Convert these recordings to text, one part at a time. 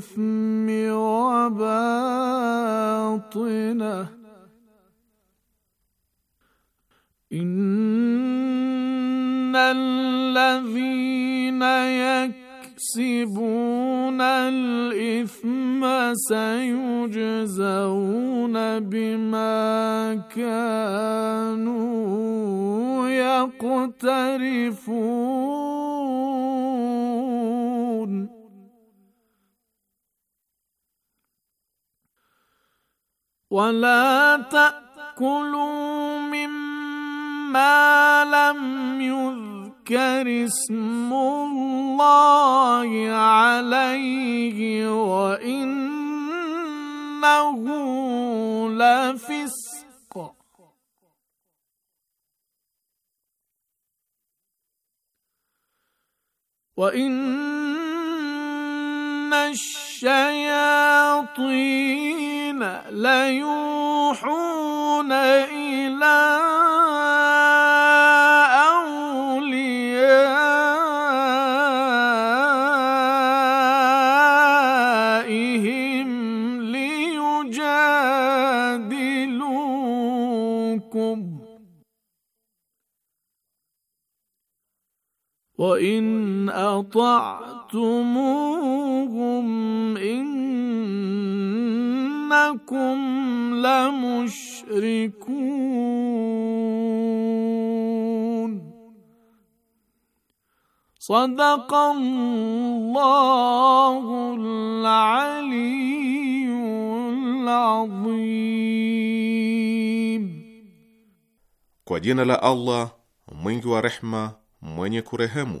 الإثم وباطنه إن الذين يكسبون الإثم سيجزون بما كانوا يقترفون ولا تأكلوا مما لم يذكر اسم الله عليه وإنه لفسق وإن الشياطين ليوحون إلى أوليائهم ليجادلوكم وإن أطعت فأخذتموهم إنكم لمشركون صدق الله العلي العظيم Kwa jina la Allah mwingi wa rehma mwenye kurehemu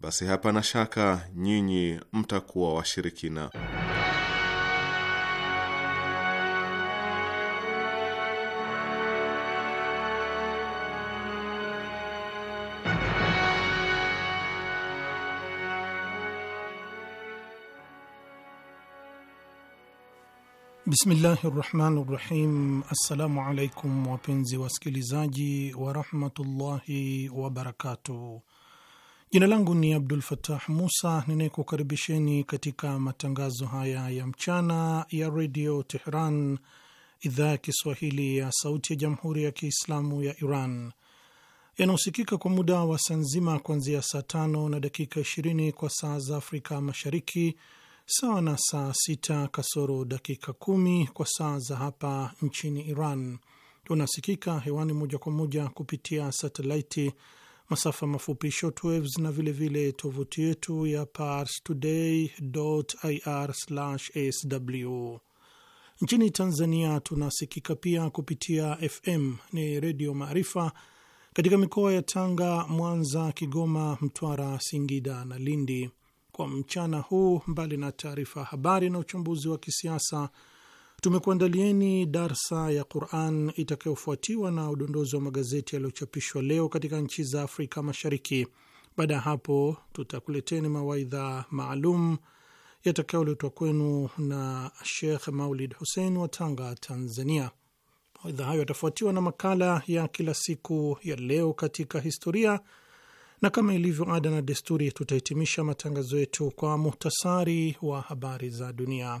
basi hapana shaka nyinyi mtakuwa washirikina. Bismillahi rahmani rahim. Assalamu alaikum wapenzi wasikilizaji warahmatullahi wabarakatuh. Jina langu ni Abdul Fatah Musa ninayekukaribisheni katika matangazo haya ya mchana ya redio Tehran, idhaa ya Kiswahili ya sauti ya jamhuri ya Kiislamu ya Iran yanaosikika kwa muda wa saa nzima kuanzia saa tano na dakika 20 kwa saa za Afrika Mashariki, sawa na saa sita kasoro dakika kumi kwa saa za hapa nchini Iran. Tunasikika hewani moja kwa moja kupitia satelaiti masafa mafupi shortwaves na vilevile tovuti yetu ya parstoday.ir/sw. Nchini Tanzania tunasikika pia kupitia FM ni Redio Maarifa katika mikoa ya Tanga, Mwanza, Kigoma, Mtwara, Singida na Lindi. Kwa mchana huu, mbali na taarifa habari na uchambuzi wa kisiasa Tumekuandalieni darsa ya Quran itakayofuatiwa na udondozi wa magazeti yaliyochapishwa leo katika nchi za Afrika Mashariki. Baada ya hapo, tutakuleteni mawaidha maalum yatakayoletwa kwenu na Shekh Maulid Hussein wa Tanga, Tanzania. Mawaidha hayo yatafuatiwa na makala ya kila siku ya leo katika historia, na kama ilivyo ada na desturi, tutahitimisha matangazo yetu kwa muhtasari wa habari za dunia.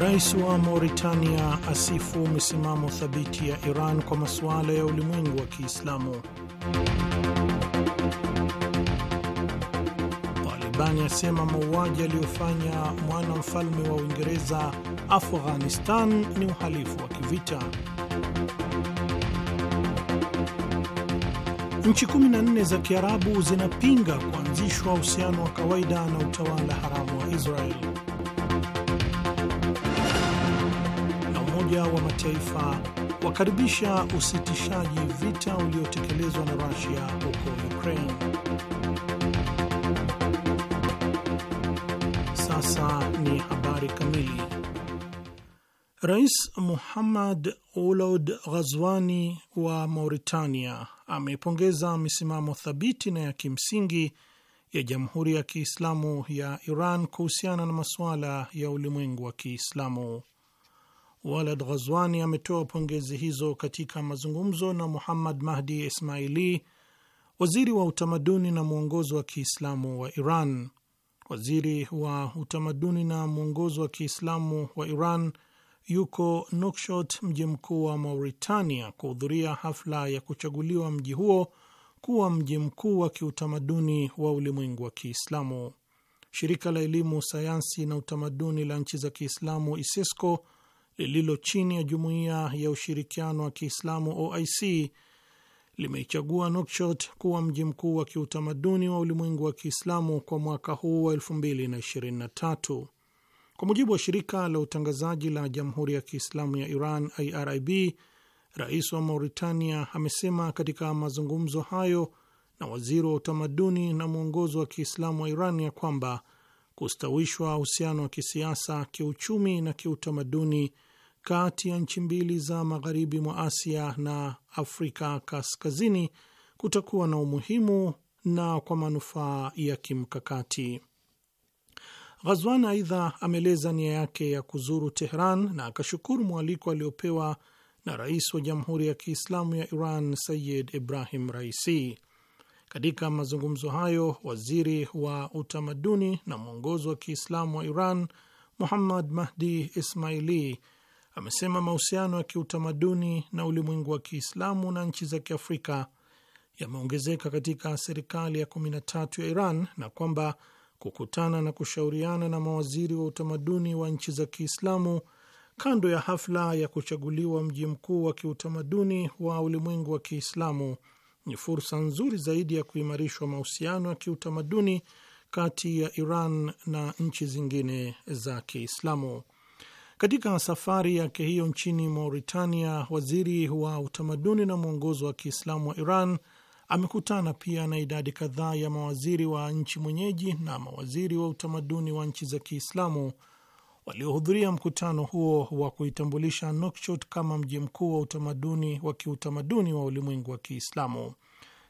Rais wa Mauritania asifu misimamo thabiti ya Iran kwa masuala ya ulimwengu wa Kiislamu. Talibani asema mauaji aliyofanya mwana mfalme wa Uingereza Afghanistan ni uhalifu wa kivita. Nchi 14 za Kiarabu zinapinga kuanzishwa uhusiano wa kawaida na utawala haramu wa Israeli. Umoja wa Mataifa wakaribisha usitishaji vita uliotekelezwa na Russia huko Ukraine. Sasa ni habari kamili. Rais Muhammad Ould Ghazwani wa Mauritania amepongeza misimamo thabiti na ya kimsingi ya Jamhuri ya Kiislamu ya Iran kuhusiana na masuala ya ulimwengu wa Kiislamu. Walad Ghazwani ametoa pongezi hizo katika mazungumzo na Muhammad Mahdi Ismaili, waziri wa utamaduni na mwongozo wa Kiislamu wa Iran. Waziri wa utamaduni na mwongozo wa Kiislamu wa Iran yuko nokshot mji mkuu wa Mauritania, kuhudhuria hafla ya kuchaguliwa mji huo kuwa mji mkuu wa kiutamaduni wa ulimwengu wa Kiislamu. Shirika la elimu, sayansi na utamaduni la nchi za Kiislamu ISISCO lililo chini ya Jumuiya ya Ushirikiano wa Kiislamu OIC limeichagua nokshot kuwa mji mkuu wa kiutamaduni wa ulimwengu wa Kiislamu kwa mwaka huu wa 2023. Kwa mujibu wa shirika la utangazaji la Jamhuri ya Kiislamu ya Iran IRIB, rais wa Mauritania amesema katika mazungumzo hayo na waziri wa utamaduni na mwongozo wa Kiislamu wa Iran ya kwamba kustawishwa uhusiano wa kisiasa, kiuchumi na kiutamaduni kati ya nchi mbili za magharibi mwa Asia na Afrika Kaskazini kutakuwa na umuhimu na kwa manufaa ya kimkakati. Ghazwan aidha ameeleza nia yake ya kuzuru Tehran na akashukuru mwaliko aliopewa na rais wa Jamhuri ya Kiislamu ya Iran Sayyid Ibrahim Raisi. Katika mazungumzo hayo, waziri wa utamaduni na mwongozo wa Kiislamu wa Iran Muhammad Mahdi Ismaili amesema mahusiano ya kiutamaduni na ulimwengu wa Kiislamu na nchi za Kiafrika yameongezeka katika serikali ya 13 ya Iran na kwamba kukutana na kushauriana na mawaziri wa utamaduni wa nchi za Kiislamu kando ya hafla ya kuchaguliwa mji mkuu wa kiutamaduni wa ulimwengu wa Kiislamu ni fursa nzuri zaidi ya kuimarishwa mahusiano ya kiutamaduni kati ya Iran na nchi zingine za Kiislamu. Katika safari yake hiyo nchini Mauritania, waziri wa utamaduni na mwongozo wa Kiislamu wa Iran amekutana pia na idadi kadhaa ya mawaziri wa nchi mwenyeji na mawaziri wa utamaduni wa nchi za Kiislamu waliohudhuria mkutano huo wa kuitambulisha Nokshot kama mji mkuu wa utamaduni wa kiutamaduni wa ulimwengu wa Kiislamu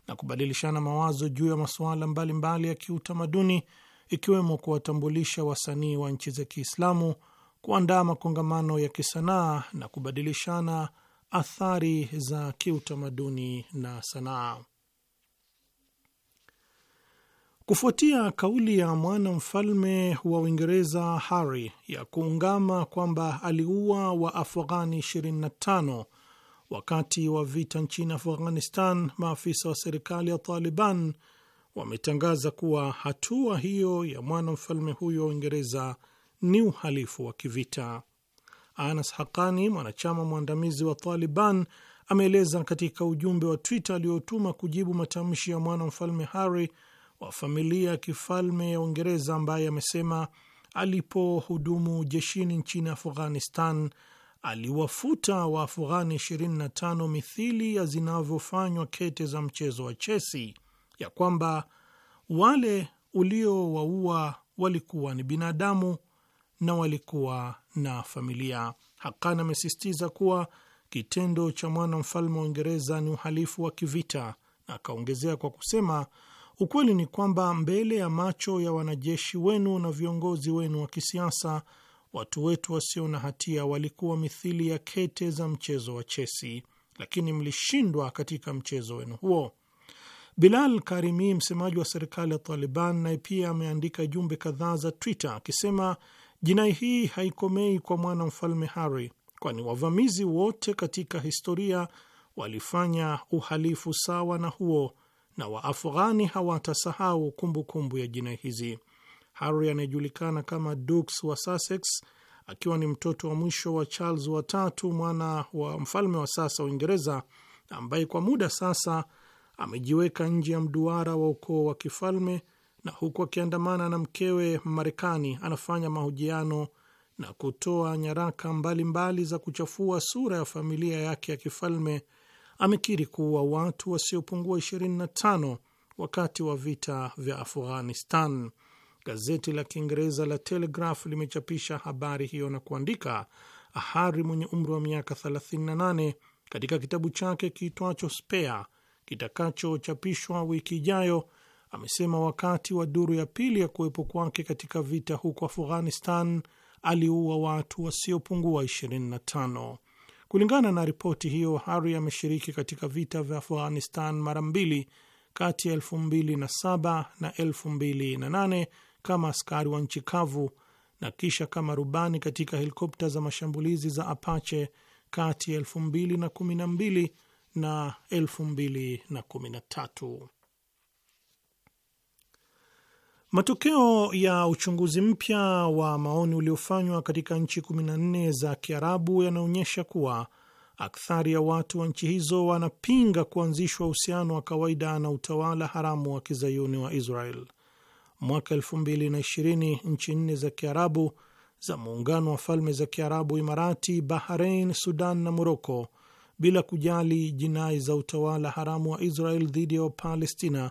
na kubadilishana mawazo juu ya masuala mbalimbali ya kiutamaduni ikiwemo kuwatambulisha wasanii wa nchi za Kiislamu kuandaa makongamano ya kisanaa na kubadilishana athari za kiutamaduni na sanaa. Kufuatia kauli ya mwanamfalme wa Uingereza Harry ya kuungama kwamba aliua wa afghani 25 wakati wa vita nchini Afghanistan, maafisa wa serikali ya Taliban wametangaza kuwa hatua hiyo ya mwanamfalme huyo wa Uingereza ni uhalifu wa kivita. Anas Haqani, mwanachama mwandamizi wa Taliban, ameeleza katika ujumbe wa Twitter aliotuma kujibu matamshi ya mwana mfalme Harry wa familia ya kifalme ya Uingereza, ambaye amesema alipohudumu jeshini nchini Afghanistan aliwafuta wa Afghani 25 mithili ya zinavyofanywa kete za mchezo wa chesi, ya kwamba wale uliowaua walikuwa ni binadamu na walikuwa na familia. Hakan amesisitiza kuwa kitendo cha mwana mfalme wa Uingereza ni uhalifu wa kivita, na akaongezea kwa kusema, ukweli ni kwamba mbele ya macho ya wanajeshi wenu na viongozi wenu wa kisiasa, watu wetu wasio na hatia walikuwa mithili ya kete za mchezo wa chesi, lakini mlishindwa katika mchezo wenu huo. Bilal Karimi, msemaji wa serikali ya Taliban, naye pia ameandika jumbe kadhaa za Twitter akisema Jinai hii haikomei kwa mwana mfalme Harry, kwani wavamizi wote katika historia walifanya uhalifu sawa na huo, na Waafghani hawatasahau kumbukumbu ya jinai hizi. Harry anayejulikana kama Dukes wa Sussex akiwa ni mtoto wa mwisho wa Charles watatu mwana wa mfalme wa sasa Uingereza, ambaye kwa muda sasa amejiweka nje ya mduara wa ukoo wa kifalme na huku akiandamana na mkewe Marekani anafanya mahojiano na kutoa nyaraka mbalimbali mbali za kuchafua sura ya familia yake ya kifalme, amekiri kuwa watu wasiopungua 25 wakati wa vita vya Afghanistan. Gazeti la Kiingereza la Telegraph limechapisha habari hiyo na kuandika, Ahari mwenye umri wa miaka 38 katika kitabu chake kiitwacho Spare kitakachochapishwa wiki ijayo amesema wakati wa duru ya pili ya kuwepo kwake katika vita huko Afghanistan aliua watu wasiopungua 25. Kulingana na ripoti hiyo, Hari ameshiriki katika vita vya Afghanistan mara mbili kati ya 2007 na 2008 kama askari wa nchi kavu na kisha kama rubani katika helikopta za mashambulizi za Apache kati ya 2012 na 2013. Matokeo ya uchunguzi mpya wa maoni uliofanywa katika nchi 14 za Kiarabu yanaonyesha kuwa akthari ya watu wa nchi hizo wanapinga kuanzishwa uhusiano wa kawaida na utawala haramu wa kizayuni wa Israel. Mwaka 2020 nchi nne za Kiarabu za Muungano wa Falme za Kiarabu, Imarati, Bahrain, Sudan na Moroko, bila kujali jinai za utawala haramu wa Israel dhidi ya Wapalestina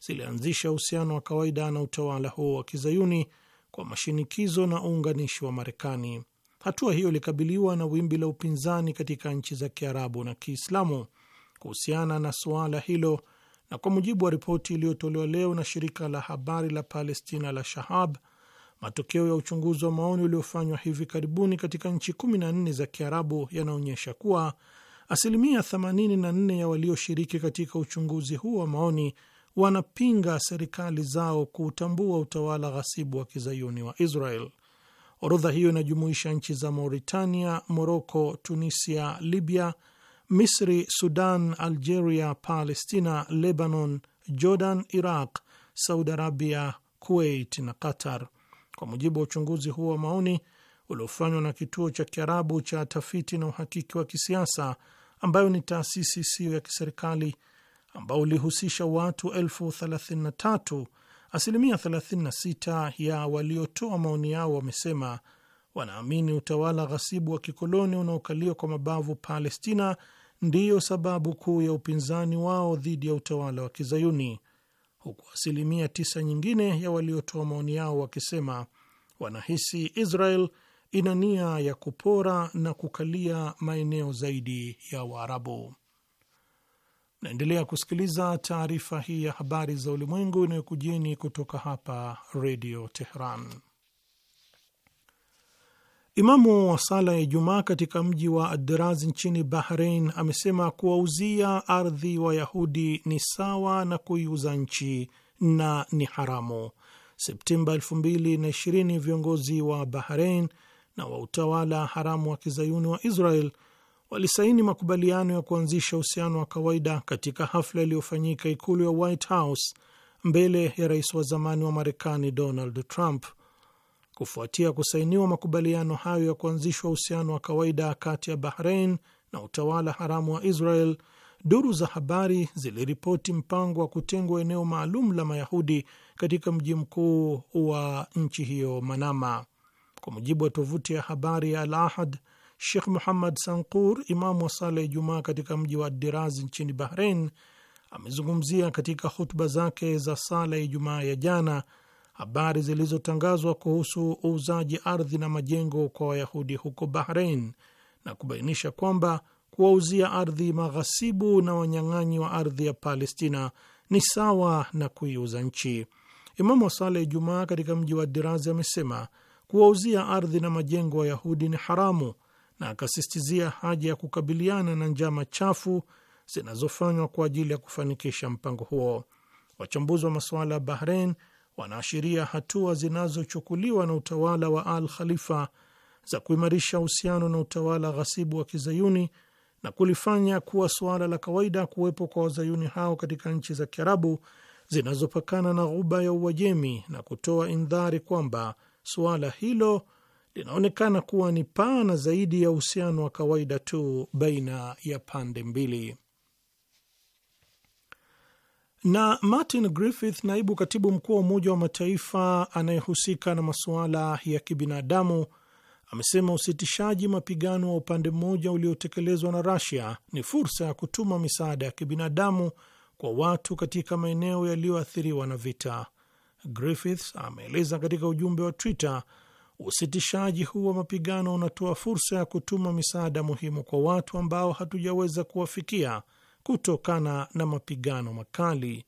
zilianzisha uhusiano wa kawaida na utawala huo wa kizayuni kwa mashinikizo na uunganishi wa Marekani. Hatua hiyo ilikabiliwa na wimbi la upinzani katika nchi za Kiarabu na Kiislamu kuhusiana na suala hilo, na kwa mujibu wa ripoti iliyotolewa leo na shirika la habari la Palestina la Shahab, matokeo ya uchunguzi wa maoni uliofanywa hivi karibuni katika nchi 14 za Kiarabu yanaonyesha kuwa asilimia 84 ya walioshiriki katika uchunguzi huo wa maoni wanapinga serikali zao kuutambua utawala ghasibu wa kizayuni wa Israel. Orodha hiyo inajumuisha nchi za Mauritania, Moroko, Tunisia, Libya, Misri, Sudan, Algeria, Palestina, Lebanon, Jordan, Iraq, Saudi Arabia, Kuwait na Qatar. Kwa mujibu wa uchunguzi huo wa maoni uliofanywa na kituo cha Kiarabu cha tafiti na uhakiki wa kisiasa, ambayo ni taasisi isiyo ya kiserikali ambao ulihusisha watu elfu thelathini na tatu, asilimia 36 ya waliotoa maoni yao wamesema wanaamini utawala ghasibu wa kikoloni unaokalia kwa mabavu Palestina ndiyo sababu kuu ya upinzani wao dhidi ya utawala wa Kizayuni, huku asilimia tisa nyingine ya waliotoa maoni yao wakisema wanahisi Israel ina nia ya kupora na kukalia maeneo zaidi ya Waarabu. Naendelea kusikiliza taarifa hii ya habari za ulimwengu inayokujieni kutoka hapa Redio Tehran. Imamu wa sala ya Ijumaa katika mji wa Adraz nchini Bahrein amesema kuwauzia ardhi Wayahudi ni sawa na kuiuza nchi na ni haramu. Septemba 2020 viongozi wa Bahrein na wa utawala haramu wa kizayuni wa Israel walisaini makubaliano ya kuanzisha uhusiano wa kawaida katika hafla iliyofanyika ikulu ya White House mbele ya rais wa zamani wa Marekani Donald Trump. Kufuatia kusainiwa makubaliano hayo ya kuanzishwa uhusiano wa kawaida kati ya Bahrain na utawala haramu wa Israel, duru za habari ziliripoti mpango wa kutengwa eneo maalum la Mayahudi katika mji mkuu wa nchi hiyo Manama. Kwa mujibu wa tovuti ya habari ya Al Ahad, Shekh Muhammad Sankur, imamu wa sala ya Ijumaa katika mji wa Dirazi nchini Bahrein, amezungumzia katika hutuba zake za sala ya Ijumaa ya jana habari zilizotangazwa kuhusu uuzaji ardhi na majengo kwa Wayahudi huko Bahrein na kubainisha kwamba kuwauzia ardhi maghasibu na wanyang'anyi wa ardhi ya Palestina ni sawa na kuiuza nchi. Imamu wa sala ya Ijumaa katika mji wa Dirazi amesema kuwauzia ardhi na majengo Wayahudi ni haramu na akasistizia haja ya kukabiliana na njama chafu zinazofanywa kwa ajili ya kufanikisha mpango huo. Wachambuzi wa masuala ya Bahrein wanaashiria hatua zinazochukuliwa na utawala wa Al Khalifa za kuimarisha uhusiano na utawala ghasibu wa kizayuni na kulifanya kuwa suala la kawaida kuwepo kwa wazayuni hao katika nchi za Kiarabu zinazopakana na Ghuba ya Uajemi na kutoa indhari kwamba suala hilo linaonekana kuwa ni pana zaidi ya uhusiano wa kawaida tu baina ya pande mbili. Na Martin Griffith, naibu katibu mkuu wa Umoja wa Mataifa anayehusika na masuala ya kibinadamu, amesema usitishaji mapigano wa upande mmoja uliotekelezwa na Russia ni fursa ya kutuma misaada ya kibinadamu kwa watu katika maeneo yaliyoathiriwa na vita. Griffiths ameeleza katika ujumbe wa Twitter Usitishaji huu wa mapigano unatoa fursa ya kutuma misaada muhimu kwa watu ambao hatujaweza kuwafikia kutokana na mapigano makali.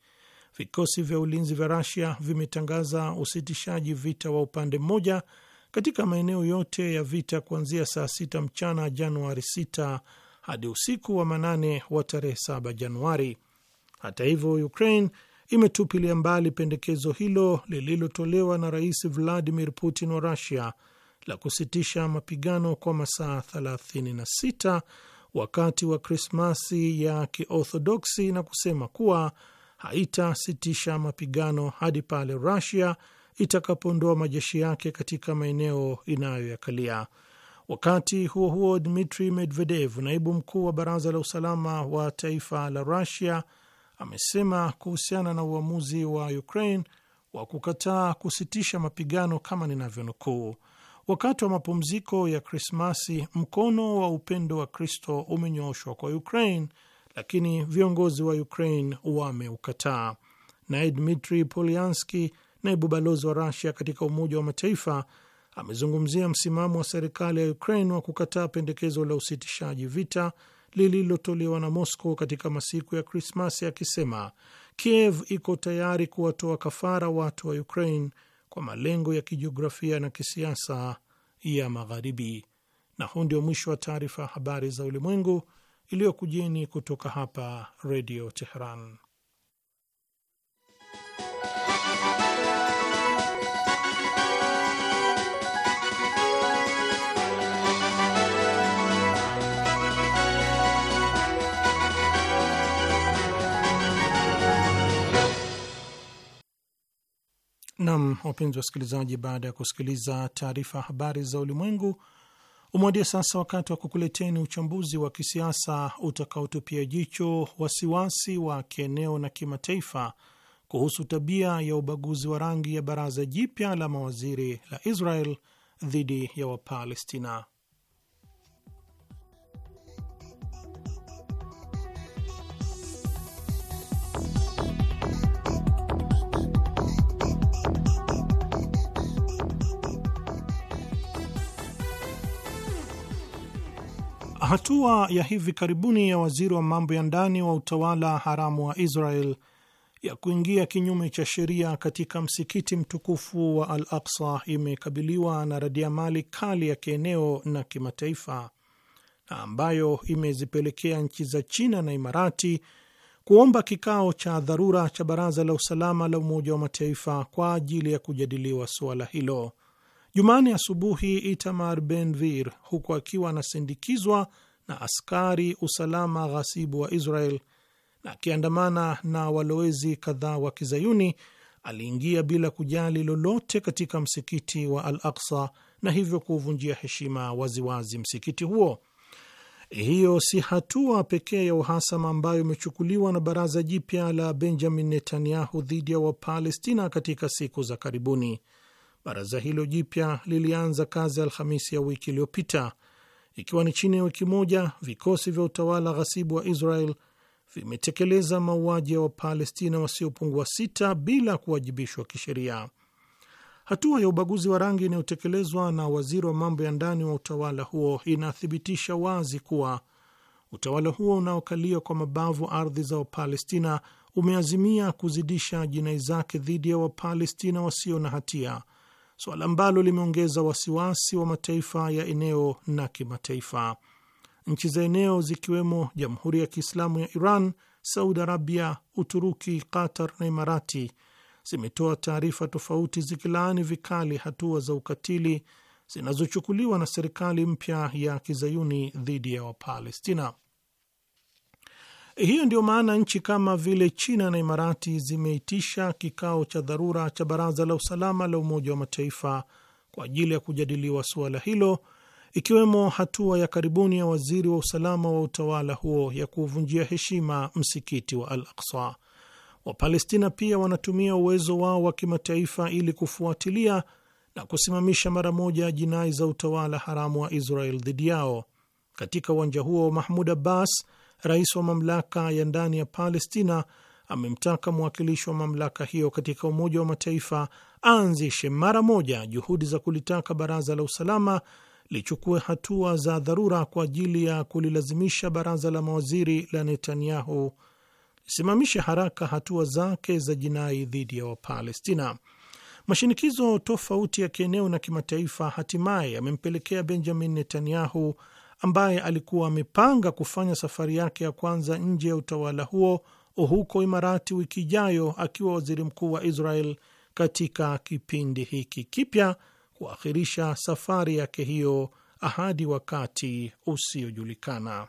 Vikosi vya ulinzi vya rasia vimetangaza usitishaji vita wa upande mmoja katika maeneo yote ya vita kuanzia saa sita mchana Januari 6 hadi usiku wa manane wa tarehe 7 Januari. Hata hivyo, Ukraine imetupilia mbali pendekezo hilo lililotolewa na Rais Vladimir Putin wa Rusia la kusitisha mapigano kwa masaa 36 wakati wa Krismasi ya Kiorthodoksi na kusema kuwa haitasitisha mapigano hadi pale rusia itakapoondoa majeshi yake katika maeneo inayoyakalia. Wakati huo huo, Dmitri Medvedev, naibu mkuu wa baraza la usalama wa taifa la rusia amesema kuhusiana na uamuzi wa Ukraine wa kukataa kusitisha mapigano kama ninavyonukuu: wakati wa mapumziko ya Krismasi mkono wa upendo wa Kristo umenyooshwa kwa Ukraine, lakini viongozi wa Ukraine wameukataa. Naye Dmitri Polyanski, naibu balozi wa Rusia katika Umoja wa Mataifa, amezungumzia msimamo wa serikali ya Ukraine wa kukataa pendekezo la usitishaji vita lililotolewa na Moscow katika masiku ya Krismasi akisema Kiev iko tayari kuwatoa kafara watu wa Ukraine kwa malengo ya kijiografia na kisiasa ya Magharibi. Na huu ndio mwisho wa taarifa ya habari za ulimwengu iliyokujeni kutoka hapa Redio Teheran. Nam, wapenzi wasikilizaji, baada ya kusikiliza taarifa habari za ulimwengu, umewadia sasa wakati wa kukuleteni uchambuzi wa kisiasa utakaotupia jicho wasiwasi wa kieneo na kimataifa kuhusu tabia ya ubaguzi wa rangi ya baraza jipya la mawaziri la Israel dhidi ya Wapalestina. Hatua ya hivi karibuni ya waziri wa mambo ya ndani wa utawala haramu wa Israel ya kuingia kinyume cha sheria katika msikiti mtukufu wa Al Aksa imekabiliwa na radiamali kali ya kieneo na kimataifa na ambayo imezipelekea nchi za China na Imarati kuomba kikao cha dharura cha Baraza la Usalama la Umoja wa Mataifa kwa ajili ya kujadiliwa suala hilo. Jumani asubuhi Itamar ben huku akiwa anasindikizwa na askari usalama ghasibu wa Israel na akiandamana na walowezi kadhaa wa Kizayuni, aliingia bila kujali lolote katika msikiti wa al aksa na hivyo kuvunjia heshima waziwazi msikiti huo. Hiyo si hatua pekee ya uhasama ambayo imechukuliwa na baraza jipya la Benjamin Netanyahu dhidi ya Wapalestina katika siku za karibuni. Baraza hilo jipya lilianza kazi Alhamisi ya wiki iliyopita, ikiwa ni chini ya wiki moja vikosi vya utawala ghasibu wa Israel vimetekeleza mauaji ya Wapalestina wasiopungua wa sita bila kuwajibishwa kisheria. Hatua ya ubaguzi wa rangi inayotekelezwa na waziri wa mambo ya ndani wa utawala huo inathibitisha wazi kuwa utawala huo unaokalia kwa mabavu ardhi za Wapalestina umeazimia kuzidisha jinai zake dhidi ya Wapalestina wasio na hatia suala ambalo limeongeza wasiwasi wa mataifa ya eneo na kimataifa. Nchi za eneo zikiwemo Jamhuri ya Kiislamu ya Iran, Saudi Arabia, Uturuki, Qatar na Imarati zimetoa taarifa tofauti zikilaani vikali hatua za ukatili zinazochukuliwa na serikali mpya ya kizayuni dhidi ya Wapalestina. Hiyo ndio maana nchi kama vile China na Imarati zimeitisha kikao cha dharura cha Baraza la Usalama la Umoja wa Mataifa kwa ajili ya kujadiliwa suala hilo, ikiwemo hatua ya karibuni ya waziri wa usalama wa utawala huo ya kuvunjia heshima msikiti wa Al Aksa. Wapalestina pia wanatumia uwezo wao wa kimataifa ili kufuatilia na kusimamisha mara moja jinai za utawala haramu wa Israel dhidi yao. Katika uwanja huo, Mahmud Abbas rais wa mamlaka ya ndani ya Palestina amemtaka mwakilishi wa mamlaka hiyo katika Umoja wa Mataifa aanzishe mara moja juhudi za kulitaka Baraza la Usalama lichukue hatua za dharura kwa ajili ya kulilazimisha baraza la mawaziri la Netanyahu lisimamishe haraka hatua zake za jinai dhidi ya Wapalestina. Mashinikizo tofauti ya kieneo na kimataifa hatimaye yamempelekea Benjamin Netanyahu ambaye alikuwa amepanga kufanya safari yake ya kwanza nje ya utawala huo huko Imarati wiki ijayo akiwa waziri mkuu wa Israel katika kipindi hiki kipya, kuakhirisha safari yake hiyo ahadi wakati usiojulikana.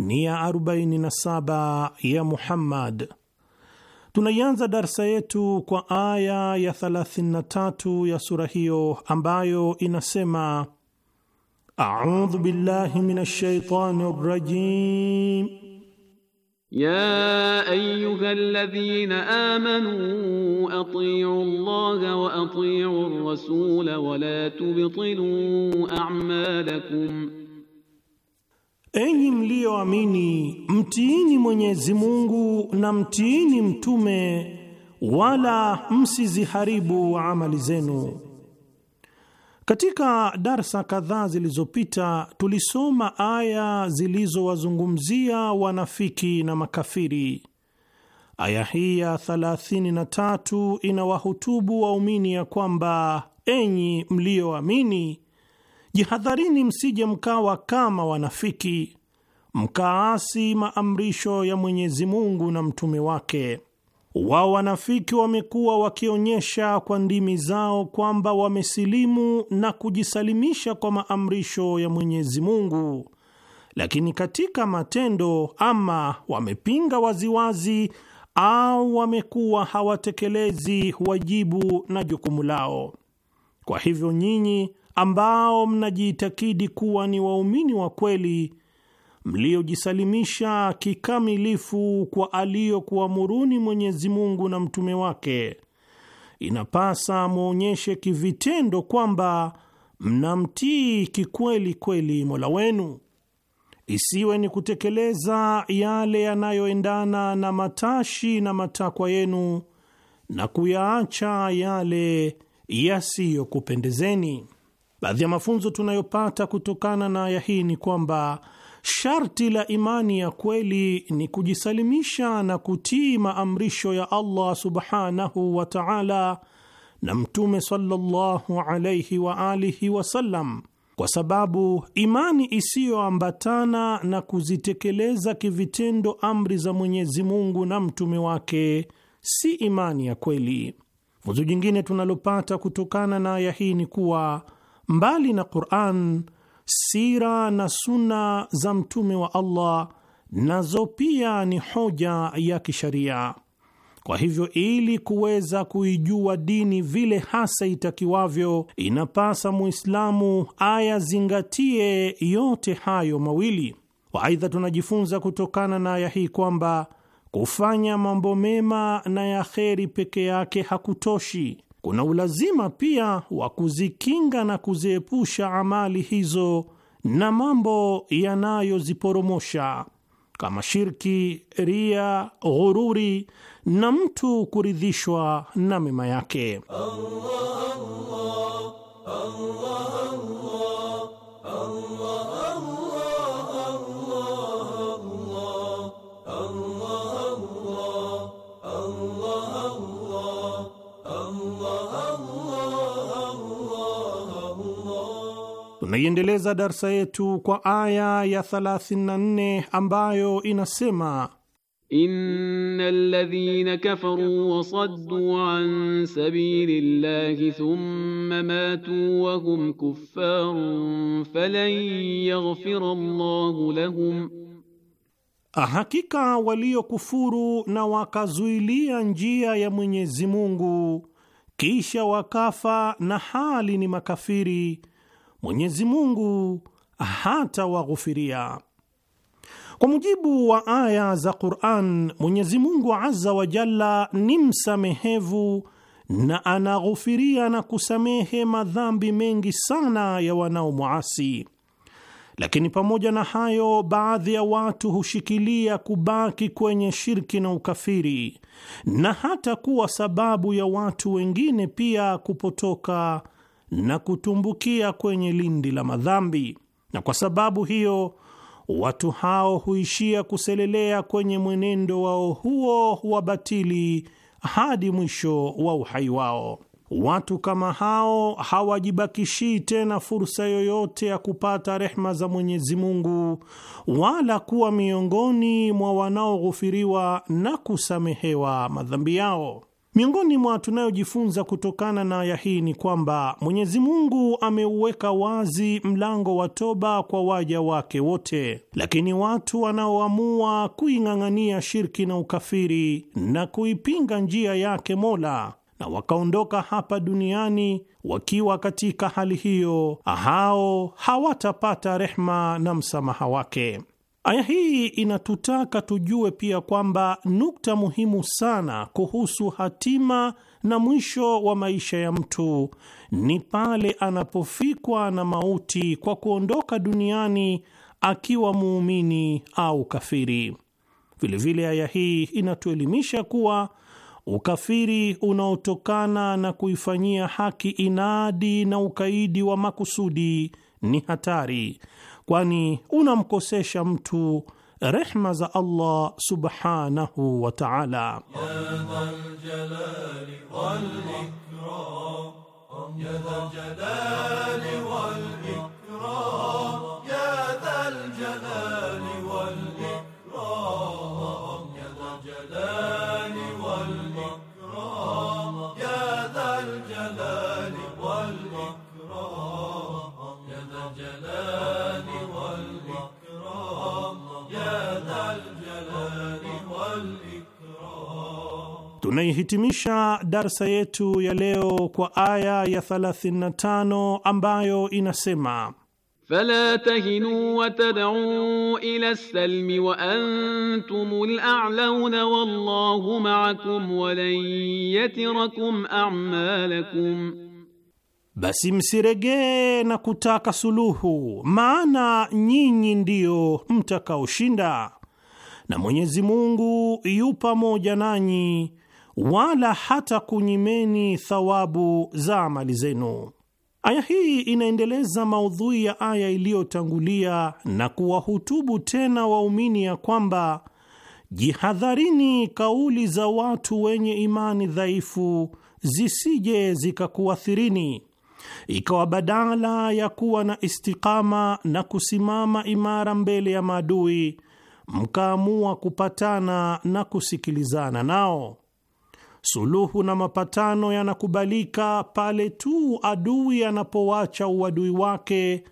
ni ya 47 ya Muhammad. Tunaianza darsa yetu kwa aya ya 33 ya sura hiyo ambayo inasema: audhu billahi minash shaitani rajim ya ayyuhalladhina amanu atii'u Allaha wa atii'u ar-rasula wa tubtilu a'malakum Enyi mliyoamini, mtiini Mwenyezi Mungu na mtiini mtume, wala msiziharibu amali zenu. Katika darsa kadhaa zilizopita tulisoma aya zilizowazungumzia wanafiki na makafiri. Aya hii ya 33 inawahutubu waumini ya kwamba enyi mliyoamini jihadharini, msije mkawa kama wanafiki, mkaasi maamrisho ya Mwenyezi Mungu na mtume wake. Wao wanafiki wamekuwa wakionyesha kwa ndimi zao kwamba wamesilimu na kujisalimisha kwa maamrisho ya Mwenyezi Mungu, lakini katika matendo ama wamepinga waziwazi au wamekuwa hawatekelezi wajibu na jukumu lao. Kwa hivyo nyinyi ambao mnajiitakidi kuwa ni waumini wa kweli mliojisalimisha kikamilifu kwa aliyokuamuruni Mwenyezi Mungu na mtume wake, inapasa mwonyeshe kivitendo kwamba mnamtii kikweli kweli Mola wenu. Isiwe ni kutekeleza yale yanayoendana na matashi na matakwa yenu na kuyaacha yale yasiyokupendezeni. Baadhi ya mafunzo tunayopata kutokana na aya hii ni kwamba sharti la imani ya kweli ni kujisalimisha na kutii maamrisho ya Allah subhanahu wa ta'ala na Mtume sallallahu alaihi wa alihi wasallam, kwa sababu imani isiyoambatana na kuzitekeleza kivitendo amri za Mwenyezi Mungu na mtume wake si imani ya kweli. Funzo jingine tunalopata kutokana na aya hii ni kuwa Mbali na Quran, sira na suna za mtume wa Allah nazo pia ni hoja ya kisharia. Kwa hivyo, ili kuweza kuijua dini vile hasa itakiwavyo, inapasa Muislamu ayazingatie yote hayo mawili. Waaidha, tunajifunza kutokana na aya hii kwamba kufanya mambo mema na ya kheri peke yake hakutoshi kuna ulazima pia wa kuzikinga na kuziepusha amali hizo na mambo yanayoziporomosha kama shirki, ria, ghururi na mtu kuridhishwa na mema yake. Allah, Allah, Allah, Allah, Allah. Tunaiendeleza darsa yetu kwa aya ya 34 ambayo inasema Innal ladhina kafaru wa saddu an sabilillahi thumma matu wa hum kuffarun falan yaghfira Allahu lahum, hakika waliokufuru na wakazuilia njia ya Mwenyezi Mungu kisha wakafa na hali ni makafiri Mwenyezi Mungu hatawaghufiria. Kwa mujibu wa aya za Qur'an, Mwenyezi Mungu Azza wa Jalla ni msamehevu na anaghufiria na kusamehe madhambi mengi sana ya wanaomwasi. Lakini pamoja na hayo, baadhi ya watu hushikilia kubaki kwenye shirki na ukafiri na hata kuwa sababu ya watu wengine pia kupotoka na kutumbukia kwenye lindi la madhambi, na kwa sababu hiyo watu hao huishia kuselelea kwenye mwenendo wao huo wa batili hadi mwisho wa uhai wao. Watu kama hao hawajibakishii tena fursa yoyote ya kupata rehma za Mwenyezi Mungu wala kuwa miongoni mwa wanaoghufiriwa na kusamehewa madhambi yao. Miongoni mwa tunayojifunza kutokana na aya hii ni kwamba Mwenyezi Mungu ameuweka wazi mlango wa toba kwa waja wake wote, lakini watu wanaoamua kuing'ang'ania shirki na ukafiri na kuipinga njia yake Mola na wakaondoka hapa duniani wakiwa katika hali hiyo, hao hawatapata rehma na msamaha wake. Aya hii inatutaka tujue pia kwamba nukta muhimu sana kuhusu hatima na mwisho wa maisha ya mtu ni pale anapofikwa na mauti kwa kuondoka duniani akiwa muumini au kafiri. Vilevile aya hii inatuelimisha kuwa ukafiri unaotokana na kuifanyia haki inadi na ukaidi wa makusudi ni hatari kwani unamkosesha mtu rehma za Allah subhanahu wa ta'ala. tunaihitimisha darsa yetu ya leo kwa aya ya 35 ambayo inasema Fala tahinu wa tad'u ila as-salm wa al a'launa wallahu ma'akum wa lan yatirakum a'malakum, basi msiregee na kutaka suluhu, maana nyinyi ndiyo mtakaoshinda na Mwenyezi Mungu yu pamoja nanyi wala hata kunyimeni thawabu za amali zenu. Aya hii inaendeleza maudhui ya aya iliyotangulia na kuwahutubu tena waumini ya kwamba jihadharini kauli za watu wenye imani dhaifu zisije zikakuathirini, ikawa badala ya kuwa na istikama na kusimama imara mbele ya maadui, mkaamua kupatana na kusikilizana nao Suluhu na mapatano yanakubalika pale tu adui anapowacha uadui wake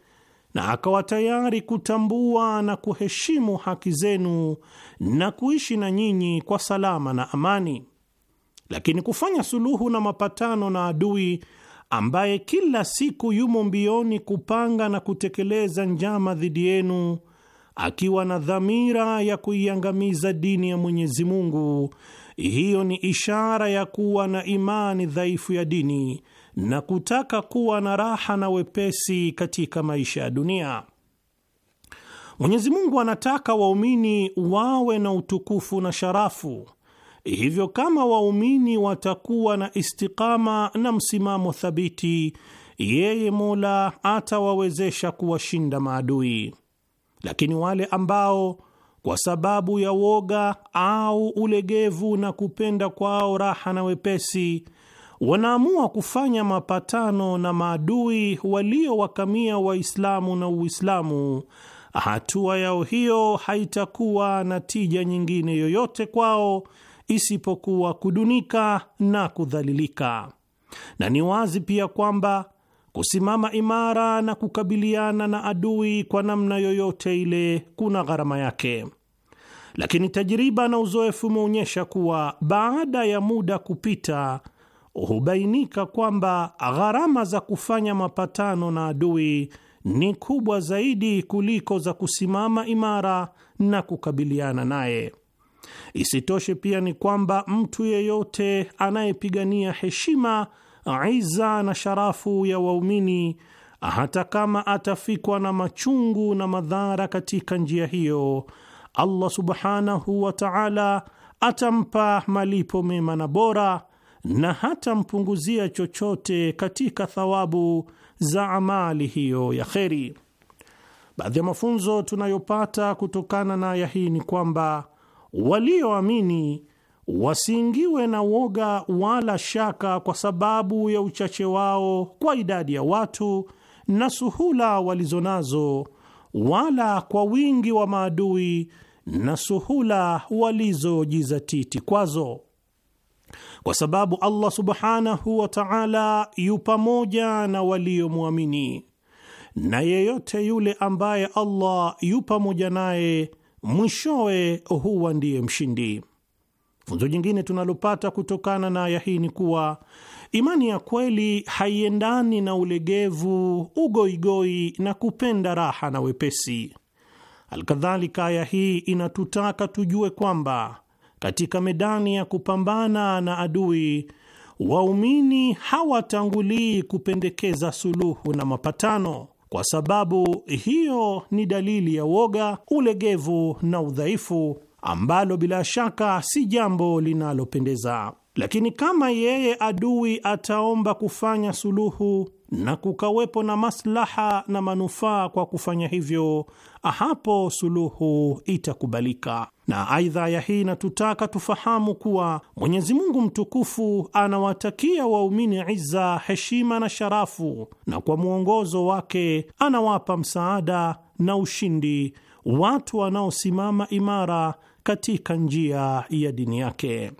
na akawa tayari kutambua na kuheshimu haki zenu na kuishi na nyinyi kwa salama na amani. Lakini kufanya suluhu na mapatano na adui ambaye kila siku yumo mbioni kupanga na kutekeleza njama dhidi yenu, akiwa na dhamira ya kuiangamiza dini ya Mwenyezi Mungu hiyo ni ishara ya kuwa na imani dhaifu ya dini na kutaka kuwa na raha na wepesi katika maisha ya dunia. Mwenyezi Mungu anataka waumini wawe na utukufu na sharafu. Hivyo kama waumini watakuwa na istikama na msimamo thabiti, yeye Mola atawawezesha kuwashinda maadui. Lakini wale ambao kwa sababu ya woga au ulegevu na kupenda kwao raha na wepesi, wanaamua kufanya mapatano na maadui waliowakamia Waislamu na Uislamu. Hatua yao hiyo haitakuwa na tija nyingine yoyote kwao isipokuwa kudunika na kudhalilika, na ni wazi pia kwamba Kusimama imara na kukabiliana na adui kwa namna yoyote ile kuna gharama yake, lakini tajiriba na uzoefu umeonyesha kuwa baada ya muda kupita hubainika kwamba gharama za kufanya mapatano na adui ni kubwa zaidi kuliko za kusimama imara na kukabiliana naye. Isitoshe pia ni kwamba mtu yeyote anayepigania heshima aiza na sharafu ya waumini, hata kama atafikwa na machungu na madhara katika njia hiyo, Allah subhanahu wa ta'ala atampa malipo mema na bora na hatampunguzia chochote katika thawabu za amali hiyo ya kheri. Baadhi ya mafunzo tunayopata kutokana na aya hii ni kwamba walioamini wasiingiwe na woga wala shaka kwa sababu ya uchache wao kwa idadi ya watu na suhula walizo nazo wala kwa wingi wa maadui na suhula walizojizatiti kwazo, kwa sababu Allah subhanahu wa ta'ala yu pamoja na waliomwamini, na yeyote yule ambaye Allah yu pamoja naye mwishowe huwa ndiye mshindi. Funzo jingine tunalopata kutokana na aya hii ni kuwa imani ya kweli haiendani na ulegevu, ugoigoi na kupenda raha na wepesi. Alkadhalika, aya hii inatutaka tujue kwamba katika medani ya kupambana na adui, waumini hawatangulii kupendekeza suluhu na mapatano, kwa sababu hiyo ni dalili ya woga, ulegevu na udhaifu ambalo bila shaka si jambo linalopendeza. Lakini kama yeye adui ataomba kufanya suluhu na kukawepo na maslaha na manufaa kwa kufanya hivyo, hapo suluhu itakubalika. Na aidha, ya hii inatutaka tufahamu kuwa Mwenyezi Mungu mtukufu anawatakia waumini iza heshima na sharafu, na kwa mwongozo wake anawapa msaada na ushindi watu wanaosimama imara katika njia ya dini yake.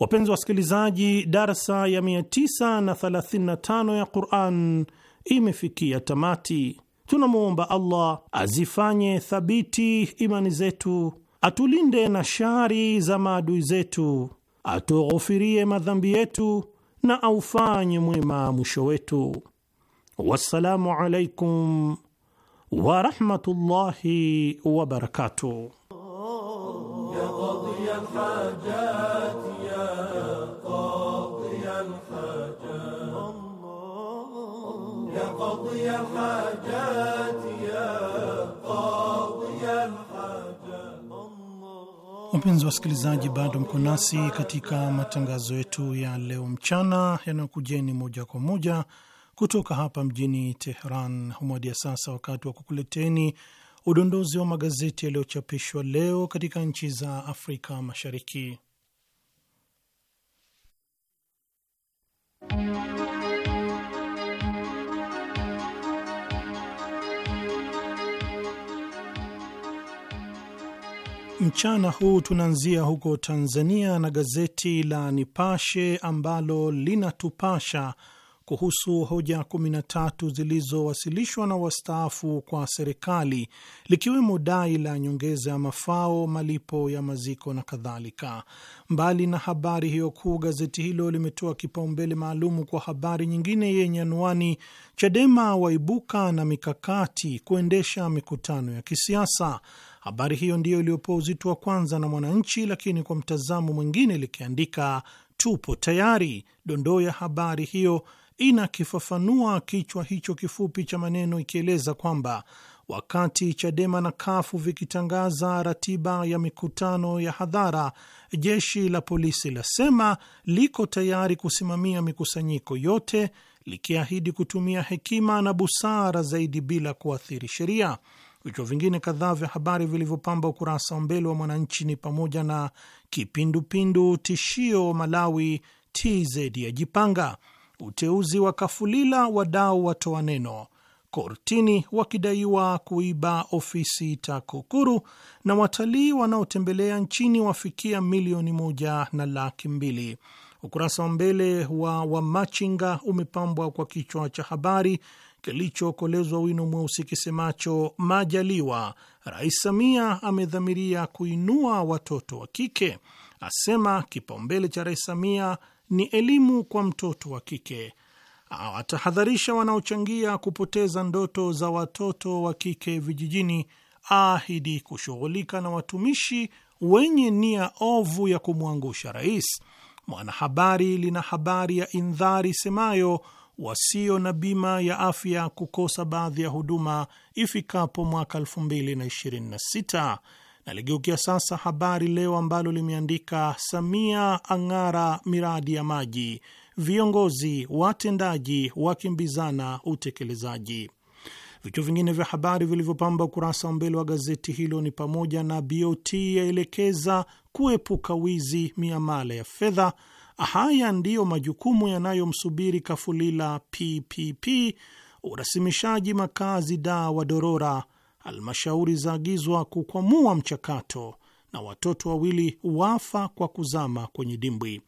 Wapenzi wasikilizaji, darsa ya 935 ya Quran imefikia tamati. Tunamwomba Allah azifanye thabiti imani zetu, atulinde na shari za maadui zetu, atughufirie madhambi yetu na aufanye mwema mwisho wetu. Wassalamu alaikum warahmatullahi wabarakatuh. Wapenzi wasikilizaji, bado mko nasi katika matangazo yetu ya leo mchana yanayokujeni moja kwa moja kutoka hapa mjini Teheran. Humwadia sasa wakati wa kukuleteni udondozi wa magazeti yaliyochapishwa leo katika nchi za Afrika Mashariki. Mchana huu tunaanzia huko Tanzania na gazeti la Nipashe ambalo linatupasha kuhusu hoja 13 zilizowasilishwa na wastaafu kwa serikali likiwemo dai la nyongeza ya mafao, malipo ya maziko na kadhalika. Mbali na habari hiyo kuu, gazeti hilo limetoa kipaumbele maalumu kwa habari nyingine yenye anwani Chadema waibuka na mikakati kuendesha mikutano ya kisiasa. Habari hiyo ndiyo iliyopoa uzito wa kwanza na Mwananchi, lakini kwa mtazamo mwingine likiandika tupo tayari. Dondoo ya habari hiyo inakifafanua kichwa hicho kifupi cha maneno ikieleza kwamba wakati Chadema na Kafu vikitangaza ratiba ya mikutano ya hadhara, jeshi la polisi lasema liko tayari kusimamia mikusanyiko yote likiahidi kutumia hekima na busara zaidi bila kuathiri sheria. Vichwa vingine kadhaa vya habari vilivyopamba ukurasa wa mbele wa Mwananchi ni pamoja na kipindupindu tishio Malawi, TZ yajipanga uteuzi wa Kafulila wadau watoa neno, kortini wakidaiwa kuiba ofisi TAKUKURU na watalii wanaotembelea nchini wafikia milioni moja na laki mbili. Ukurasa wa mbele wa Wamachinga umepambwa kwa kichwa cha habari kilichookolezwa wino mweusi kisemacho Majaliwa, Rais Samia amedhamiria kuinua watoto wa kike, asema kipaumbele cha Rais Samia ni elimu kwa mtoto wa kike. Awatahadharisha wanaochangia kupoteza ndoto za watoto wa kike vijijini. Aahidi kushughulika na watumishi wenye nia ovu ya kumwangusha rais. Mwanahabari lina habari ya indhari semayo wasio na bima ya afya kukosa baadhi ya huduma ifikapo mwaka 2026. Naligeukia sasa Habari Leo ambalo limeandika Samia ang'ara miradi ya maji, viongozi watendaji wakimbizana utekelezaji. Vichwa vingine vya habari vilivyopamba ukurasa wa mbele wa gazeti hilo ni pamoja na BOT yaelekeza kuepuka wizi miamala ya fedha. Haya ndiyo majukumu yanayomsubiri Kafulila PPP. Urasimishaji makazi daa wa dorora halmashauri zaagizwa kukwamua mchakato na watoto wawili wafa kwa kuzama kwenye dimbwi.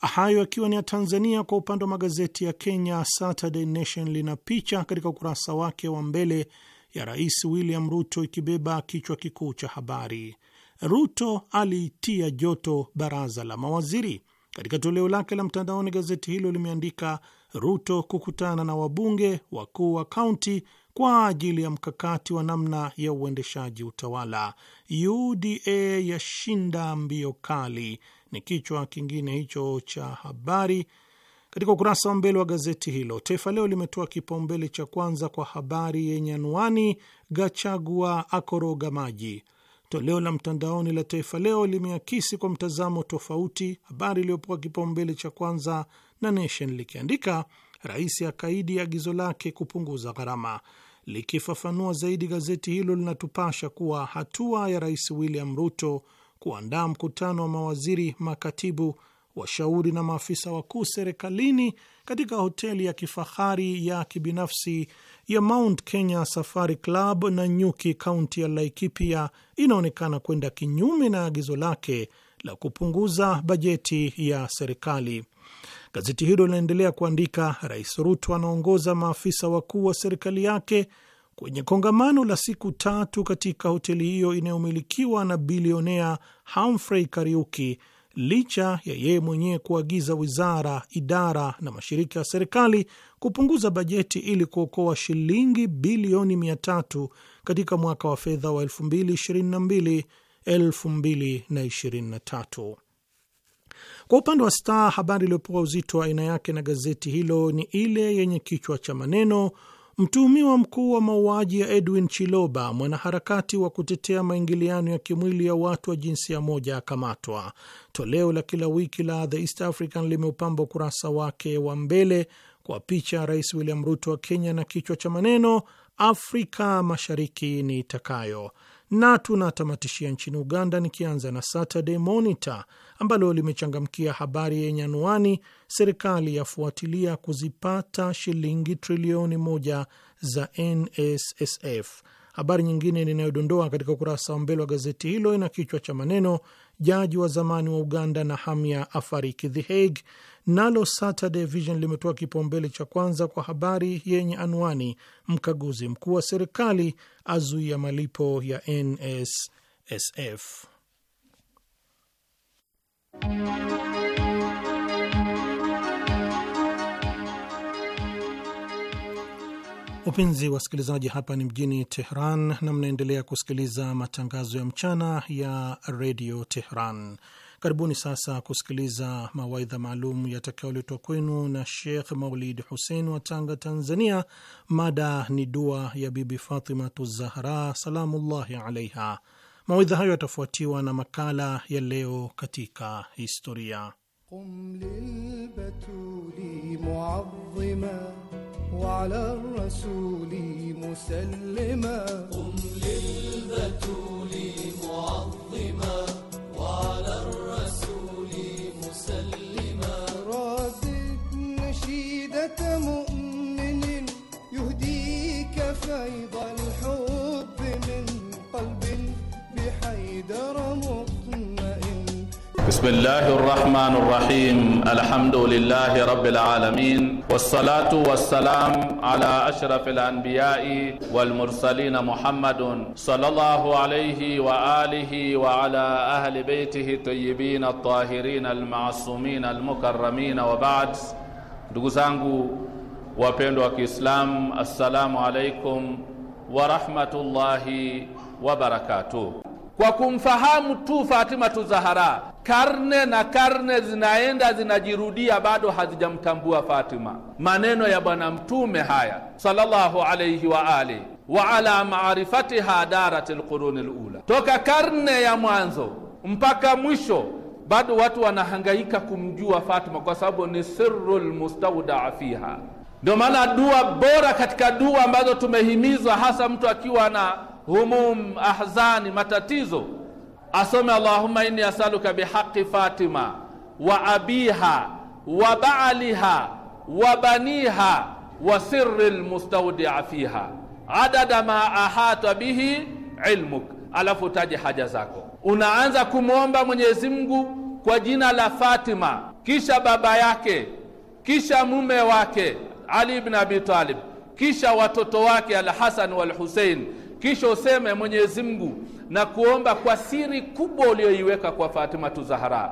Hayo akiwa ni ya Tanzania. Kwa upande wa magazeti ya Kenya, Saturday Nation lina picha katika ukurasa wake wa mbele ya Rais William Ruto ikibeba kichwa kikuu cha habari, Ruto aliitia joto baraza la mawaziri. Katika toleo lake la mtandaoni, gazeti hilo limeandika Ruto kukutana na wabunge wakuu wa kaunti kwa ajili ya mkakati wa namna ya uendeshaji utawala. UDA yashinda mbio kali, ni kichwa kingine hicho cha habari katika ukurasa wa mbele wa gazeti hilo. Taifa Leo limetoa kipaumbele cha kwanza kwa habari yenye anwani Gachagua akoroga maji. Toleo la mtandaoni la Taifa Leo limeakisi kwa mtazamo tofauti habari iliyopewa kipaumbele cha kwanza na Nation likiandika rais akaidi agizo lake kupunguza gharama. Likifafanua zaidi, gazeti hilo linatupasha kuwa hatua ya Rais William Ruto kuandaa mkutano wa mawaziri, makatibu, washauri na maafisa wakuu serikalini katika hoteli ya kifahari ya kibinafsi ya Mount Kenya Safari Club na Nyuki, kaunti ya Laikipia, inaonekana kwenda kinyume na agizo lake la kupunguza bajeti ya serikali. Gazeti hilo linaendelea kuandika, Rais Ruto anaongoza maafisa wakuu wa serikali yake kwenye kongamano la siku tatu katika hoteli hiyo inayomilikiwa na bilionea Humphrey Kariuki licha ya yeye mwenyewe kuagiza wizara, idara na mashirika ya serikali kupunguza bajeti ili kuokoa shilingi bilioni 3 katika mwaka wa fedha wa 2022 kwa upande wa Star, habari iliyopewa uzito wa aina yake na gazeti hilo ni ile yenye kichwa cha maneno mtuhumiwa mkuu wa mauaji ya Edwin Chiloba, mwanaharakati wa kutetea maingiliano ya kimwili ya watu wa jinsia moja, akamatwa. Toleo la kila wiki la The East African limeupamba ukurasa wake wa mbele kwa picha ya Rais William Ruto wa Kenya na kichwa cha maneno Afrika Mashariki ni itakayo na tunatamatishia nchini Uganda, nikianza na Saturday Monitor ambalo limechangamkia habari yenye anwani serikali yafuatilia kuzipata shilingi trilioni moja za NSSF Habari nyingine ninayodondoa katika ukurasa wa mbele wa gazeti hilo ina kichwa cha maneno jaji wa zamani wa Uganda na hamya afariki The Hague. Nalo Saturday Vision limetoa kipaumbele cha kwanza kwa habari yenye anwani mkaguzi mkuu wa serikali azuia malipo ya NSSF. Wapenzi wasikilizaji, hapa ni mjini Tehran na mnaendelea kusikiliza matangazo ya mchana ya redio Tehran. Karibuni sasa kusikiliza mawaidha maalum yatakayoletwa kwenu na Shekh Maulid Husein wa Tanga, Tanzania. Mada ni dua ya Bibi Fatimatu Zahra salamullahi alaiha. Mawaidha hayo yatafuatiwa na makala ya leo katika historia. Qum وعلى الرسول مسلما قم للبتول معظما وعلى الرسول مسلما ردد نشيدة مؤمن يهديك فيض الحب من قلب بحيدر مؤمن بسم الله الرحمن الرحيم الحمد لله رب العالمين والصلاة والسلام على أشرف الأنبياء والمرسلين محمد صلى الله عليه وآله وعلى أهل بيته الطيبين الطاهرين المعصومين المكرمين وبعد دوزانغو wapendwa إسلام السلام عليكم ورحمة الله وبركاته kwa kumfahamu tu fatimatu zahara karne na karne zinaenda zinajirudia, bado hazijamtambua Fatima. Maneno ya Bwana Mtume haya sallallahu alayhi wa alihi wa ala marifatiha darat lquruni lula toka karne ya mwanzo mpaka mwisho, bado watu wanahangaika kumjua Fatima kwa sababu ni siru lmustaudaa fiha. Ndio maana dua bora katika dua ambazo tumehimizwa, hasa mtu akiwa na humum, ahzani, matatizo asome allahumma inni asaluka bihaqi fatima wa abiha wa baaliha wa baniha wa sirri lmustaudia fiha adada ma ahata bihi ilmuk, alafu utaje haja zako. Unaanza kumwomba Mwenyezi Mungu kwa jina la Fatima, kisha baba yake, kisha mume wake Ali bn Abi Talib, kisha watoto wake alhasan walhusein, kisha useme Mwenyezi Mungu na kuomba kwa siri kubwa uliyoiweka kwa fatima Zahra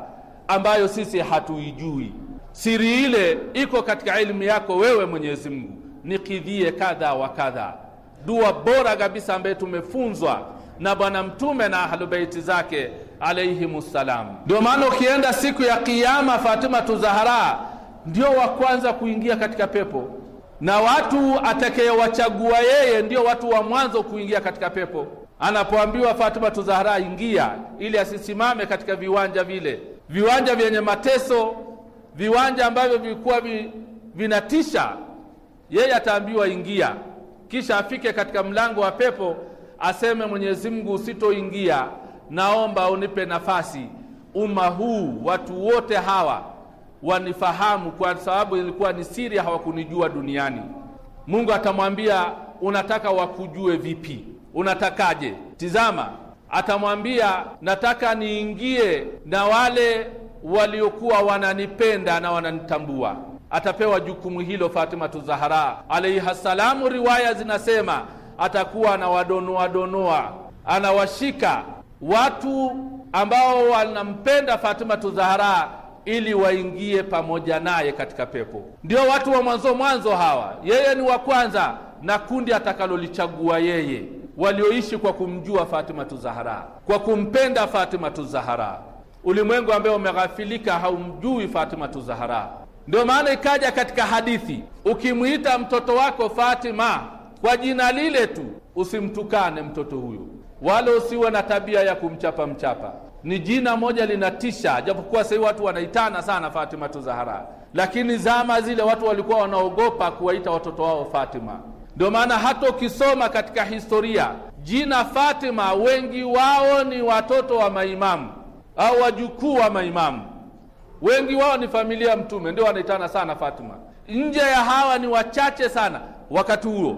ambayo sisi hatuijui. Siri ile iko katika elimu yako wewe, Mwenyezi Mungu, nikidhie kadha wa kadha. Dua bora kabisa ambaye tumefunzwa na Bwana Mtume na Ahlubeiti zake ssalam Ndio maana ukienda siku ya Kiyama, fatima Zahra ndio wa kwanza kuingia katika pepo, na watu atakayewachagua yeye ndio watu wa mwanzo kuingia katika pepo anapoambiwa Fatima tuzahara ingia, ili asisimame katika viwanja vile, viwanja vyenye mateso, viwanja ambavyo vilikuwa vi, vinatisha. Yeye ataambiwa ingia, kisha afike katika mlango wa pepo, aseme Mwenyezi Mungu, usitoingia, naomba unipe nafasi. Umma huu watu wote hawa wanifahamu, kwa sababu ilikuwa ni siri, hawakunijua duniani. Mungu atamwambia unataka wakujue vipi? unatakaje? Tizama, atamwambia nataka niingie na wale waliokuwa wananipenda na wananitambua. Atapewa jukumu hilo Fatimatu Zahara alaiha Riwaya zinasema atakuwa anawadonoa donoa, anawashika watu ambao wanampenda Fatimatu Zahara ili waingie pamoja naye katika pepo. Ndio watu wa mwanzo mwanzo hawa, yeye ni wa kwanza na kundi atakalolichagua yeye walioishi kwa kumjua Fatimatu Zahara, kwa kumpenda fatima tuzahara Ulimwengu ambaye umeghafilika haumjui fatima tuzahara Ndio maana ikaja katika hadithi, ukimwita mtoto wako Fatima kwa jina lile tu, usimtukane mtoto huyo wala usiwe na tabia ya kumchapa mchapa. Ni jina moja linatisha, japokuwa sahii watu wanaitana sana fatima tuzahara lakini zama zile watu walikuwa wanaogopa kuwaita watoto wao Fatima. Ndio maana hata ukisoma katika historia jina Fatima, wengi wao ni watoto wa maimamu au wajukuu wa maimamu, wengi wao ni familia Mtume, ndio wanaitana sana Fatima. Nje ya hawa ni wachache sana, wakati huo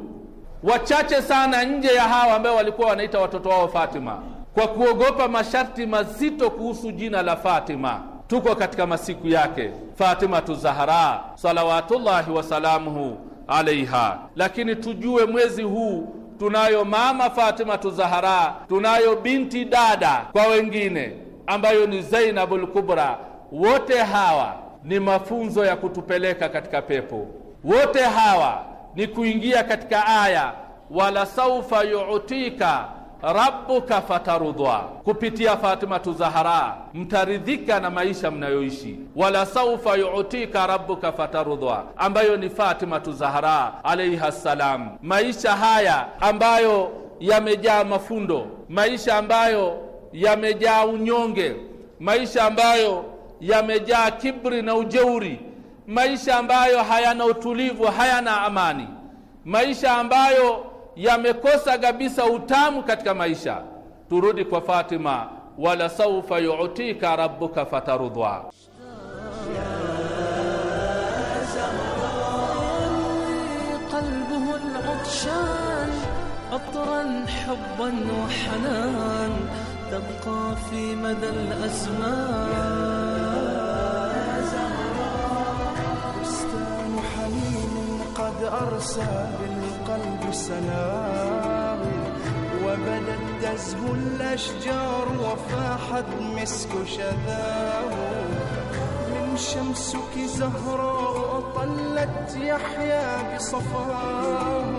wachache sana, nje ya hawa ambao walikuwa wanaita watoto wao Fatima kwa kuogopa masharti mazito kuhusu jina la Fatima. Tuko katika masiku yake Fatimatu Zahra salawatullahi wasalamuhu alaiha. Lakini tujue mwezi huu tunayo mama Fatima Tuzahara, tunayo binti dada kwa wengine ambayo ni Zainabul Kubra. Wote hawa ni mafunzo ya kutupeleka katika pepo, wote hawa ni kuingia katika aya wala saufa yuutika rabbuka fatarudhwa, kupitia Fatimatu Zahara mtaridhika na maisha mnayoishi. Wala saufa yutika rabuka fatarudhwa, ambayo ni Fatimatu Zahara alaihi ssalam. Maisha haya ambayo yamejaa mafundo, maisha ambayo yamejaa unyonge, maisha ambayo yamejaa kibri na ujeuri, maisha ambayo hayana utulivu, hayana amani, maisha ambayo yamekosa kabisa utamu katika maisha turudi kwa Fatima wala saufa yu'tika rabbuka fatarudwa قلبه أرسى بالله القلب السناوي وبدا تزهو الأشجار وفاحت مسك شذاه من شمسك زهراء أطلت يحيا بصفاه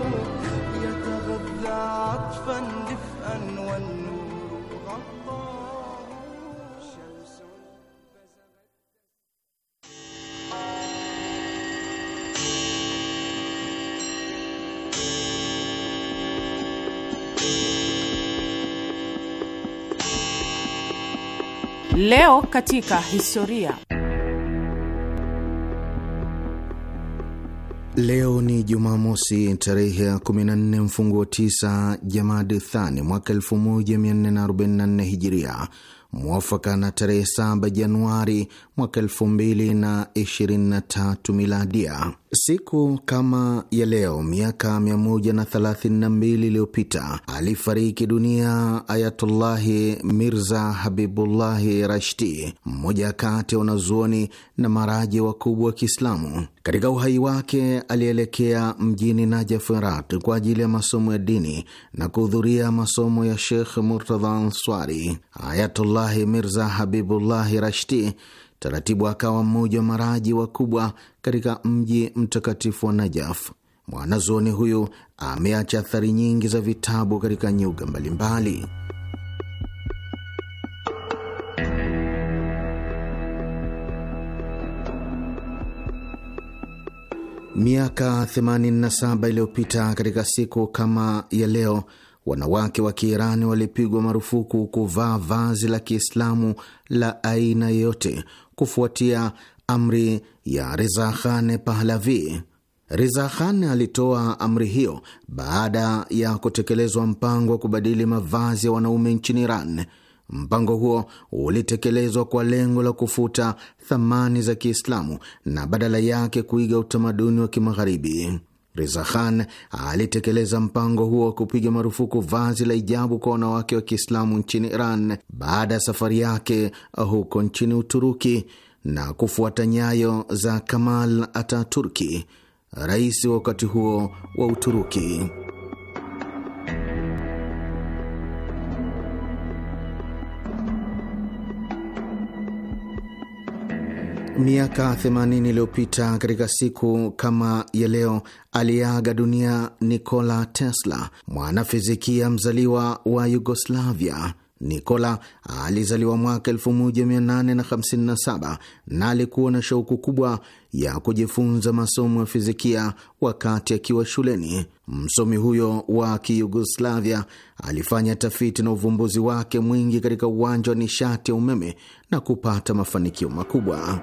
يتغذى عطفا دفاعا Leo katika historia. Leo ni Jumamosi, tarehe ya 14 mfungu wa 9 Jamadi Thani mwaka 1444 Hijiria, mwafaka na tarehe 7 Januari mwaka tatu miladia. Siku kama ya leo miaka 132 iliyopita alifariki dunia Ayatullahi Mirza Habibullahi Rashti, mmoja kati ya wanazuoni na maraji wakubwa wa Kiislamu. Katika uhai wake alielekea mjini Najaf, Iraq, kwa ajili ya masomo ya dini na kuhudhuria masomo ya Shekh Murtadha Answari. Ayatullah Abdullahi Mirza Habibullahi Rashti, taratibu akawa mmoja wa maraji wakubwa katika mji mtakatifu wa Najaf. Mwanazuoni huyu ameacha athari nyingi za vitabu katika nyuga mbalimbali. Miaka 87 iliyopita katika siku kama ya leo wanawake wa Kiirani walipigwa marufuku kuvaa vazi la Kiislamu la aina yoyote kufuatia amri ya Reza Khan Pahlavi. Reza Khan alitoa amri hiyo baada ya kutekelezwa mpango wa kubadili mavazi ya wanaume nchini Iran. Mpango huo ulitekelezwa kwa lengo la kufuta thamani za Kiislamu na badala yake kuiga utamaduni wa Kimagharibi. Reza Khan alitekeleza mpango huo wa kupiga marufuku vazi la hijabu kwa wanawake wa Kiislamu nchini Iran baada ya safari yake huko nchini Uturuki na kufuata nyayo za Kamal Ataturki, rais wa wakati huo wa Uturuki. Miaka 80 iliyopita katika siku kama ya leo aliaga dunia Nikola Tesla, mwanafizikia mzaliwa wa Yugoslavia. Nikola alizaliwa mwaka 1857 na alikuwa na shauku kubwa ya kujifunza masomo ya fizikia wakati akiwa shuleni. Msomi huyo wa Kiyugoslavia alifanya tafiti na uvumbuzi wake mwingi katika uwanja wa nishati ya umeme na kupata mafanikio makubwa.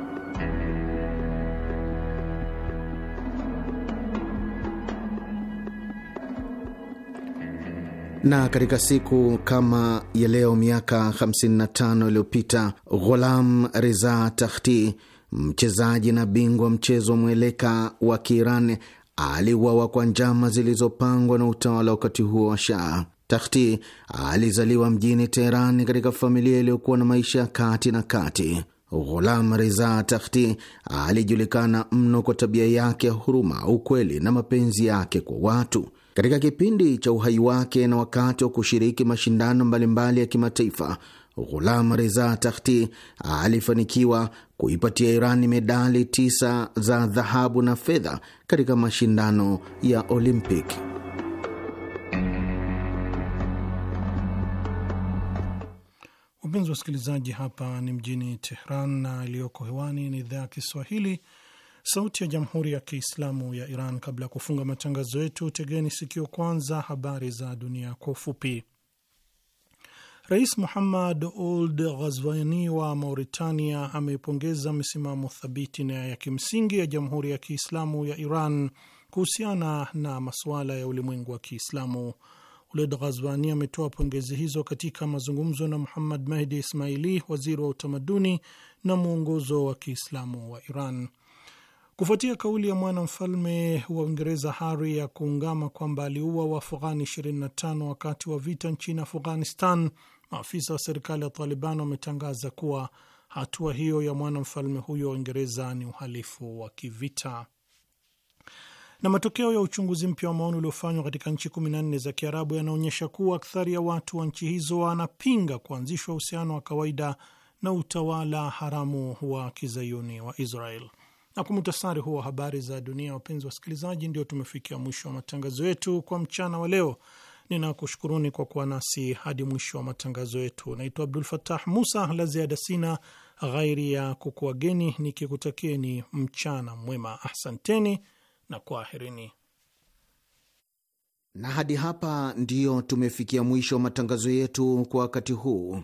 na katika siku kama ya leo miaka 55 iliyopita Ghulam Reza Takhti, mchezaji na bingwa mchezo mweleka wa Kiiran aliuawa kwa njama zilizopangwa na utawala wakati huo wa Shah. Takhti alizaliwa mjini teheran katika familia iliyokuwa na maisha ya kati na kati. Ghulam riza Takhti alijulikana mno kwa tabia yake ya huruma, ukweli na mapenzi yake kwa watu. Katika kipindi cha uhai wake na wakati wa kushiriki mashindano mbalimbali ya kimataifa Ghulam Reza Tahti alifanikiwa kuipatia Irani medali tisa za dhahabu na fedha katika mashindano ya Olimpiki. Wapenzi wasikilizaji, hapa ni mjini Tehran na iliyoko hewani ni idhaa ya Kiswahili, Sauti ya Jamhuri ya Kiislamu ya Iran. Kabla ya kufunga matangazo yetu, tegeni sikio kwanza habari za dunia kwa ufupi. Rais Muhammad Ould Ghazvani wa Mauritania ameipongeza misimamo thabiti na ya kimsingi ya Jamhuri ya Kiislamu ya Iran kuhusiana na masuala ya ulimwengu wa Kiislamu. Ould Ghazvani ametoa pongezi hizo katika mazungumzo na Muhammad Mahdi Ismaili, waziri wa utamaduni na mwongozo wa Kiislamu wa Iran kufuatia kauli ya mwanamfalme wa Uingereza Harry ya kuungama kwamba aliua Waafghani 25 wakati wa vita nchini Afghanistan. Maafisa wa serikali ya Taliban wametangaza kuwa hatua hiyo ya mwanamfalme huyo wa Uingereza ni uhalifu wa kivita. Na matokeo ya uchunguzi mpya wa maoni uliofanywa katika nchi 14 za Kiarabu yanaonyesha kuwa akthari ya watu wa nchi hizo wanapinga kuanzishwa uhusiano wa kawaida na utawala haramu wa kizayuni wa Israel. Na kwa muhtasari huo wa habari za dunia, wapenzi wa wasikilizaji, ndio tumefikia mwisho wa matangazo yetu kwa mchana wa leo. Ninakushukuruni kwa kuwa nasi hadi mwisho wa matangazo yetu. Naitwa Abdul Fatah Musa. La ziada sina ghairi ya kukuageni nikikutakieni mchana mwema. Ahsanteni na kwaherini. Na hadi hapa ndiyo tumefikia mwisho wa matangazo yetu kwa wakati huu.